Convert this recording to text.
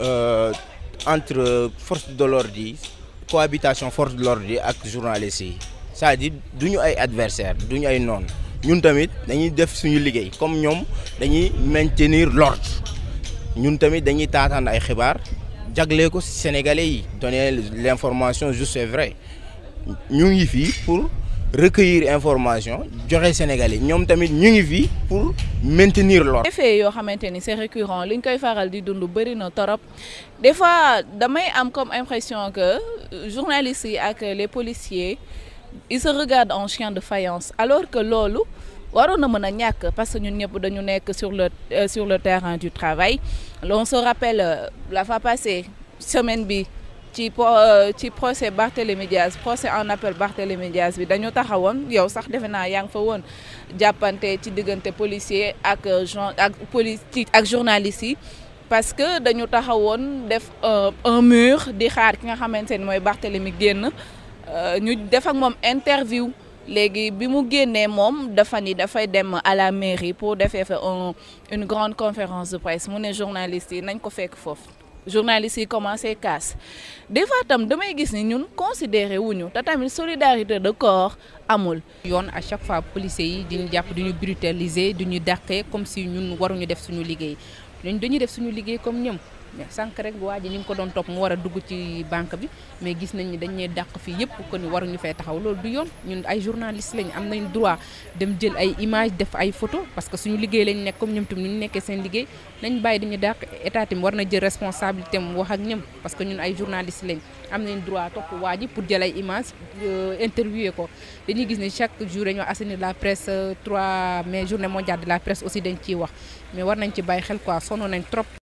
Euh, entre force de l'ordre yi cohabitation force de l'ordre yi ak journalistes yi cest di du ñu ay adversaire du ñu ay noon ñun tamit dañuy def suñu liggéey comme ñoom dañuy maintenir l'ordre ñun tamit dañuy taataan ay xibaar jagle ko Sénégalais yi donner l'information juste et vrai ñu ngi fii pour recueillir information joxe Sénégal ñoom tamit ñu ngi fi pour maintenir l'ordre. effet yoo xamante ni c'est récurrent li ñu koy faral di dundu bëri na torop des fois damay am comme impression que journalistes yi ak les policiers il se regardent en chien de fayance alors que loolu waroon na mën a ñàkk parce que ñun ñëpp dañu nekk sur le euh, sur le terrain du travail on se rappelle euh, la fois passée semaine bi. ci euh, ci procès Barthélémy Diaz procès en appel Barthélémy Diaz bi dañu taxawoon yow sax defe naa yaa ngi fa woon jàppante ci diggante policier ak gen euh, ak politique ak journaliste yi parce que dañu taxawoon def euh, un mur di xaar ki nga xamante ni mooy Barthélémy génn ñu defak moom interview léegi bi mu génnee moom dafa ni dafay dem à la mairie pour defee fa un une grande conférence de presse mu ne journaliste yi nañ ko fekk foofu journalistes yi commencé kaas des fois tam damay gis ni ñun considéré wuñu te tamit solidarité de corps amul. yoon à chaque fois policier yi di ñu jàpp di ñu brutaliser di ñu dàqee comme si ñun waruñu def suñu liggéey ñun dañuy def suñu liggéey comme ñoom. mais sànq rek waa ji ñu ngi ko doon topp mu war a dugg ci banque bi mais gis nañ ni dañ ñee dàq fii yëpp ko ni ñu fay taxaw loolu du yoon ñun ay journaliste lañ am nañ droit dem jël ay image def ay photo parce que suñu liggéey lañ nekk ñoom tam ñu nekkee seen liggéey nañ bàyyi dañu dàq état tam war responsabilité mu wax ak ñoom parce que ñun ay journaliste lañ am nañ droit topp waa ji pour jël ay image euh, interviewé ko dañuy gis ni chaque jour dañoo assainir la presse 3 euh, mai journée mondiale de la presse aussi dañ ciy wax mais war nañ ci bàyyi xel quoi sono nañ trop